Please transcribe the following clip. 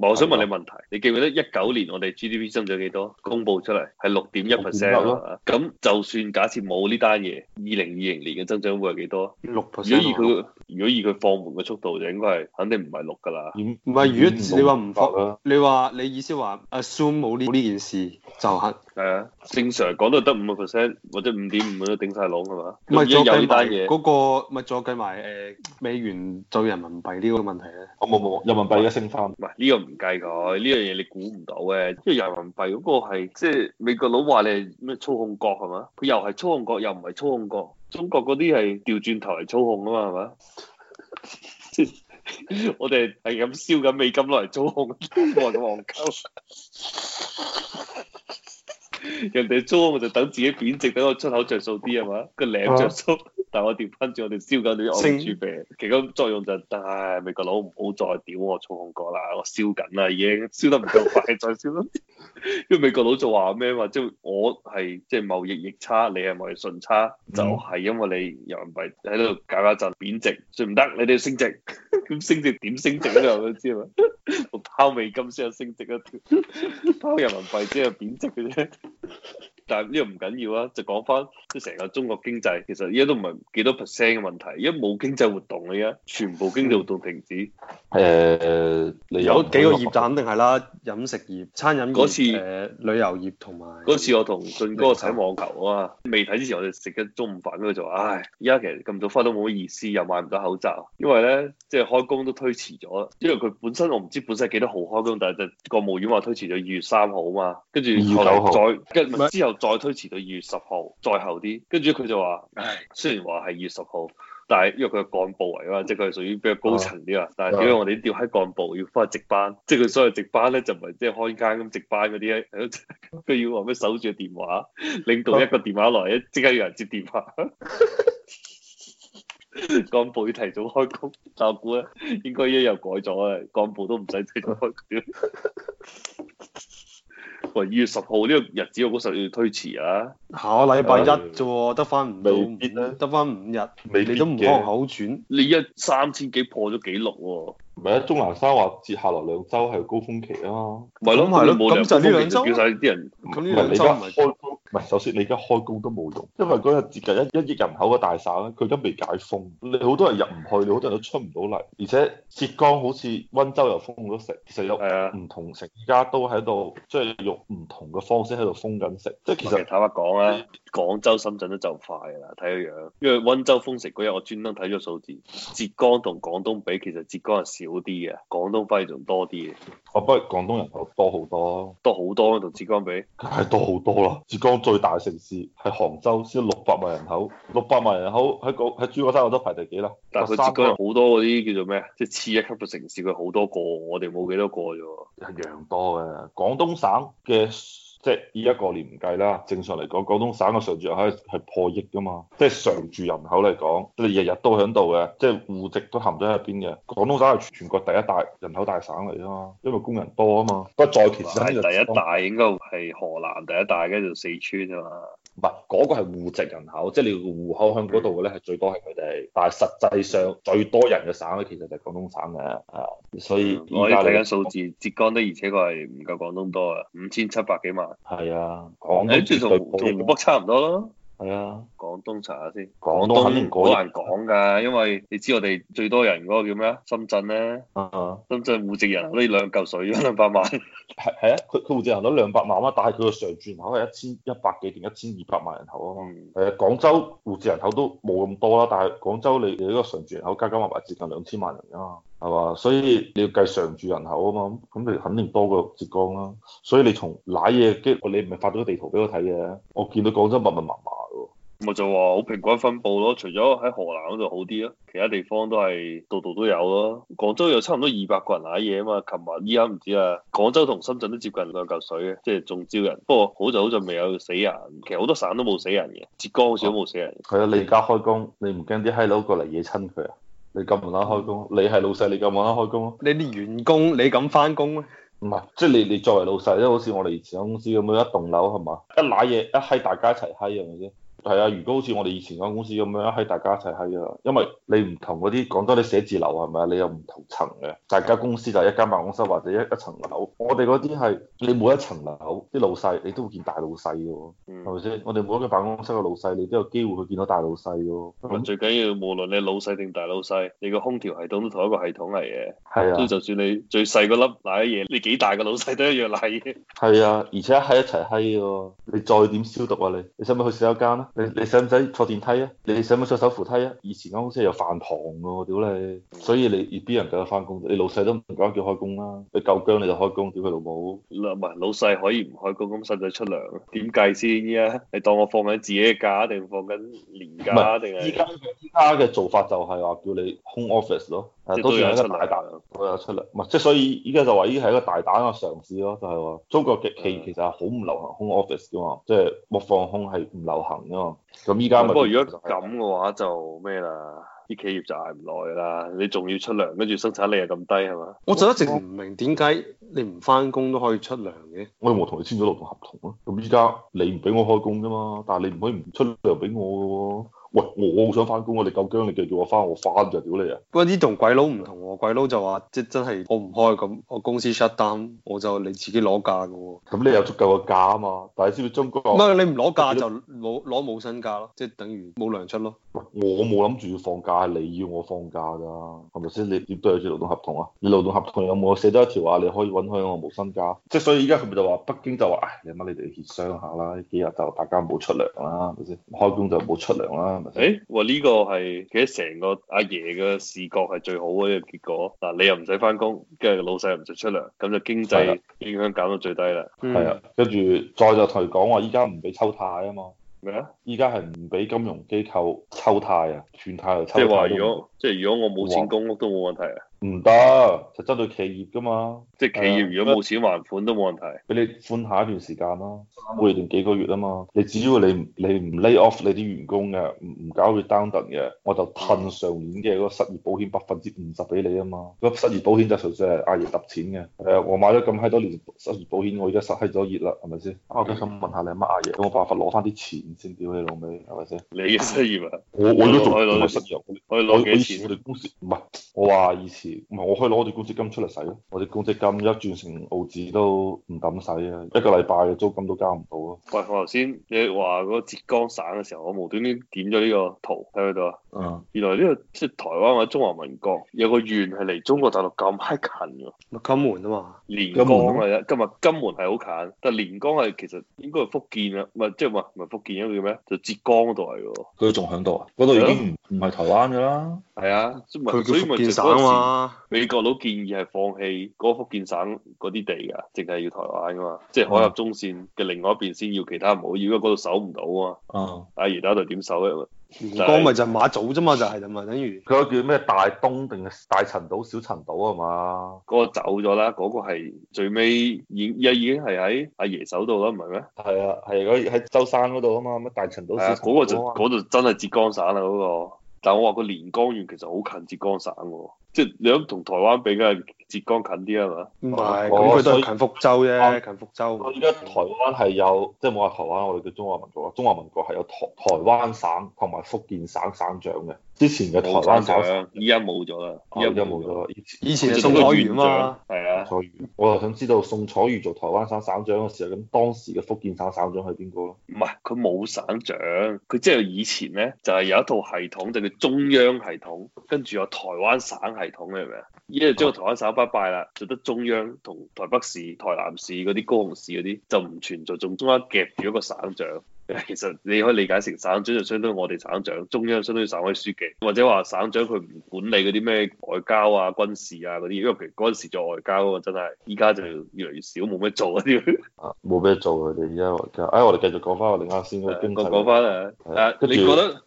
唔，我想問你問題，是的 你記唔記得一九年我哋 GDP 增長幾多？公布出嚟係六點一 percent。咁就算假設冇呢單嘢，二零二零年嘅增長會係幾多？六 percent。如果以佢放緩嘅速度，就應該係肯定唔係六㗎喇。唔係、嗯嗯，如果你話唔放，嗯、你話你意思話 assume 冇呢呢件事就肯、係。係啊，正常講都得五個 percent 或者五點五都頂晒籠係嘛。唔係已經有呢單嘢。嗰、嗰個咪、嗰個、再計埋誒美元做人民幣呢個問題咧。冇冇冇，人民幣一升翻。唔呢個唔計佢，呢樣嘢你估唔到嘅，即係人民幣嗰個係即係美國佬話你係咩操控國係嘛，佢又係操控國又唔係操控國。中國嗰啲係調轉頭嚟操控啊嘛，係嘛？ 我哋係咁燒緊美金落嚟操控，冇 人講夠。人哋操控就等自己貶值，等個出口着數啲係嘛？個檸着數。 但係我調翻轉，我哋燒緊啲我外儲幣，其中作用就係，唉、哎，美國佬唔好再屌我操控過啦，我燒緊啦，已經燒得唔夠快再燒啦。 因為美國佬就話咩話即我係即係貿易逆差，你係咪順差？就係、是、因為你人民幣喺度搞搞就貶值，所唔得，你哋升值，咁、 嗯、升值點升值啊？你知嘛？ 拋美金先有升值一，拋人民幣只有貶值嘅啫。 但呢個唔緊要啊，就講翻即係成個中國經濟，其實依家都唔係幾多 percent 嘅問題，因為冇經濟活動啦，依家全部經濟活動停止。誒、嗯、呃、有，有幾個業就肯定係啦，飲食業、餐飲嗰次誒、呃、旅遊業同埋。嗰次我同俊哥睇網球啊，嘛，未睇之前我哋食緊中午飯跟度就，唉，依家其實咁早翻都冇乜意思，又買唔到口罩，因為咧即係開工都推遲咗，因為佢本身我唔知本身係幾多號開工，但係國務院話推遲咗二月三號啊嘛，跟住二九再跟之後。再推遲到二月十號，再後啲，跟住佢就話，雖然話係二月十號，但係因為佢係幹部嚟啊嘛，即係佢係屬於比較高層啲啊，但係點解我哋啲屌閪幹部要翻去值班？即係佢所謂值班咧，就唔係即係開間咁值班嗰啲咧，佢 要話咩守住電話，領導一個電話來，一即刻有人接電話。 幹部要提早開工，照我估咧應該一日改咗啊，幹部都唔使提早開工。 喂，二月十號呢個日子我嗰時要推遲啊，下個禮拜一啫喎，得翻唔少，得翻五日，呢你都唔可能口轉。呢一三千幾破咗紀錄喎。唔係啊，鍾南山話，接下來兩週係高峰期啊。咪諗係咯，咁就呢兩週叫曬啲人，咁呢兩週唔係。唔係，首先你而家開工都冇用，因為嗰日接近一一億人口嘅大省，佢都未解封，你好多人入唔去，你好多人都出唔到嚟，而且浙江好似溫州又封咗城，成咗唔同城，而家都喺度即係用唔同嘅方式喺度封緊城。即係其實坦白講咧，廣州深圳都就快啦，睇個樣。因為溫州封城嗰日，我專登睇咗數字，浙江同廣東比，其實浙江係少啲嘅，廣東反而仲多啲嘅。不過廣東人口多好多、啊，多好多同、啊、浙江比，係多好多啦，浙江。最大城市係杭州先六百萬人口，六百萬人口喺個喺珠江三角洲排第幾啦？但係佢浙江有好多嗰啲叫做咩啊？即係次一級嘅城市，佢好多個，我哋冇幾多個啫喎，一樣多嘅。廣東省嘅。即係依一個年唔計啦，正常嚟講廣東省嘅常住人口係破億噶嘛，即係常住人口嚟講，即係日日都喺度嘅，即係戶籍都含咗喺入邊嘅。廣東省係全國第一大人口大省嚟啊嘛，因為工人多啊嘛。不過再其實係第一大應該係河南第一大，跟住四川啊嘛。唔係嗰個係戶籍人口，即係你戶口向嗰度嘅咧，係最多係佢哋。但係實際上最多人嘅省咧，其實就係廣東省嘅，啊。所以我依家睇緊數字，浙江都而且佢係唔夠廣東多啊，五千七百幾萬。係啊，廣，誒、啊，同同湖，湖北差唔多咯。係啊，廣東查下先。廣東肯定好難講㗎，因為你知我哋最多人嗰個叫咩啊？深圳咧，啊、深圳戶籍人口呢？兩嚿水，兩百萬。係係啊，佢佢戶籍人口兩百萬啊，但係佢嘅常住人口係一千一百幾定一千二百萬人口啊嘛。係啊、嗯，廣州戶籍人口都冇咁多啦，但係廣州你你嗰個常住人口加加埋埋接近兩千萬人啊嘛。係嘛，所以你要計常住人口啊嘛，咁你肯定多過浙江啦、啊。所以你從攋嘢嘅，你唔係發咗個地圖俾我睇嘅、啊，我見到廣州密密麻麻喎，咪就話好平均分布咯。除咗喺河南嗰度好啲咯，其他地方都係度度都有咯。廣州有差唔多二百個人攋嘢啊嘛，琴日依家唔知啦。廣州同深圳都接近兩嚿水嘅，即係中招人。不過好就好在未有死人，其實好多省都冇死人嘅，浙江好似都冇死人。係啊，啊，你而家開工，你唔驚啲閪佬過嚟惹親佢啊？你咁晚開工，你係老細，你咁晚開工？你啲員工，你敢翻工咩？唔係，即係你，你作為老細，即係好似我哋以前公司咁樣，一棟樓係嘛，一瀨嘢一嗨，大家一齊嗨係咪先？是。係啊，如果好似我哋以前間公司咁樣，喺大家一齊喺啊，因為你唔同嗰啲講多啲寫字樓係咪啊？你又唔同層嘅，大家公司就係一間辦公室或者一層一層樓。我哋嗰啲係你每一層樓啲老細，你都會見大老細嘅喎，係咪先？我哋每間辦公室嘅老細，你都有機會去見到大老細咯。嗯、最緊要無論你老細定大老細，你個空調系統都同一個系統嚟嘅，是啊、所以就算你最細嗰粒瀨嘢，你幾大嘅老細都一樣瀨嘅。係 啊，而且喺一齊喺嘅喎，你再點消毒啊？你你使唔使去洗一間啊？你你使唔使坐電梯啊？你使唔使上手扶梯啊？以前間公司有飯堂喎，屌你！所以你啲人夠得翻工？你老細都唔夠膽叫開工啦、啊！你夠姜你就開工，屌佢老母！唔係老細可以唔開工，咁使唔使出糧，點計先？依家你當我放緊自己嘅假定放緊年假定係？依家依家嘅做法就係話叫你 home office 咯。都算係一個大膽，我有出糧，唔係即係所以依家就話依係一個大膽嘅嘗試咯，就係話中國嘅企業其實係好唔流行空 office 嘅嘛，即係冇放空係唔流行嘅嘛。咁依家不過如果咁嘅話就咩啦？啲企業就捱唔耐啦。你仲要出糧，跟住生產力又咁低係嘛？我就一直唔明點解你唔翻工都可以出糧嘅？我有冇同你簽咗勞動合同啊？咁依家你唔俾我開工啫嘛，但係你唔可以唔出糧俾我嘅喎。喂，我好想翻工，我哋夠薑你叫叫我翻，我翻就屌你啊！不過呢同鬼佬唔同喎，鬼佬就話即、就是、真係我唔開，咁我公司 shut down，我就你自己攞假噶喎。咁你有足夠個假啊嘛？但係先至中國，唔係你唔攞假就冇攞冇薪假咯，即係、就是就是、等於冇糧出咯。我冇諗住要放假，你要我放假噶係咪先？你點都有住勞動合同啊？你勞動合同有冇寫多一條話，你可以允許我無薪假？即係所以依家佢咪就話北京就話，唉、哎，你乜你哋協商下啦，呢幾日就大家唔好出糧啦，係咪先？開工就唔好出糧啦，係咪先？誒、欸，哇呢、這個係其實成個阿爺嘅視覺係最好嘅一、這個結果嗱、啊，你又唔使翻工，跟住老細又唔使出糧，咁就經濟影響減到最低啦，係啊的，跟住、嗯、再就同佢講話，依家唔俾抽太啊嘛。.咩啊？而家係唔俾金融機構抽貸啊，轉貸就抽，即係話如果，即係如果我冇錢供屋都冇問題啊？唔得，就針對企業噶嘛，即係企業如果冇錢還款都冇問題，俾、呃、你寬下一段時間咯，三個月定幾個月啊嘛，你只要你你唔 lay off 你啲員工嘅，唔唔搞佢 down d 嘅，我就褪上年嘅嗰個失業保險百分之五十俾你啊嘛，個失業保險就純粹係阿爺揼錢嘅，誒、呃、我買咗咁閪多年失業保險、啊，我而家失閪咗業啦，係咪先？我而家想問下你乜阿爺有冇辦法攞翻啲錢先屌你老味，係咪先？你嘅失業啊？我我都仲可以攞啲失業，我哋攞幾錢？我哋公司唔係我話以前。唔係我可以攞住公積金出嚟使咯，我哋公積金一轉成澳紙都唔敢使啊，一個禮拜嘅租金都交唔到咯。喂，我頭先你話嗰個浙江省嘅時候，我無端端點咗呢個圖，睇唔睇到啊？嗯。原來呢個即係台灣或者中華民國有個縣係嚟中國大陸咁閪近㗎。金門啊嘛，連江啊，今日金門係好近，但係連江係其實應該係福建啊，唔係即係話唔係福建一個叫咩？就浙江嗰度嚟喎。佢仲響度啊？度已經。serving ITE neck 唔係台灣噶啦，係啊，佢叫福建省啊嘛。美國佬建議係放棄嗰福建省嗰啲地啊，淨係要台灣㗎嘛。即係海峽中線嘅另外一邊先要其他唔好，如果嗰度守唔到啊。啊、嗯，阿爺打隊點守咧？嗰咪、嗯、就，係、係就係馬祖啫嘛，就係咁咪等於佢嗰叫咩大東定係大陳島、小陳島、那個、爺爺啊嘛？嗰個走咗啦，嗰個係最尾已經又已經係喺阿爺手度啦，唔係咩？係啊，係嗰喺舟山嗰度啊嘛，乜大陳島、小嗰、啊那個就嗰度、那個那個、真係浙江省啊，嗰、那個。但我話個連江縣其實好近浙江省嘅，啊，即係你諗同台灣比較，浙江近啲係嘛？唔係，咁佢都係近福州啫，啊、近福州。我依家台灣係有，即係冇話台灣我哋叫中華民國啦。中華民國係有台台灣省同埋福建省省長嘅。之前嘅台灣省，依家冇咗啦。依家冇咗。哦、以前，以前宋楚瑜啊嘛，係啊。楚瑜，我啊想知道宋楚瑜做台灣省省長嘅時候，咁當時嘅福建省省長係邊個咯？唔係佢冇省長，佢即係以前咧就係、是、有一套系統就叫中央系統，跟住有台灣省系統嘅係咪？依家將個台灣省拜拜啦，就得中央同台北市、台南市嗰啲高雄市嗰啲就唔存在，仲中間夾住一個省長。其實你可以理解成省長就相當於我哋省長，中央相當於省委書記，或者話省長佢唔管理嗰啲咩外交啊、軍事啊嗰啲，因為其實嗰時做外交嗰個真係，依家就越嚟越少冇咩做啊！冇 咩、啊、做佢哋依家外交。哎，我哋繼續講翻我哋啱先嗰個講翻啊，誒、啊，你覺得？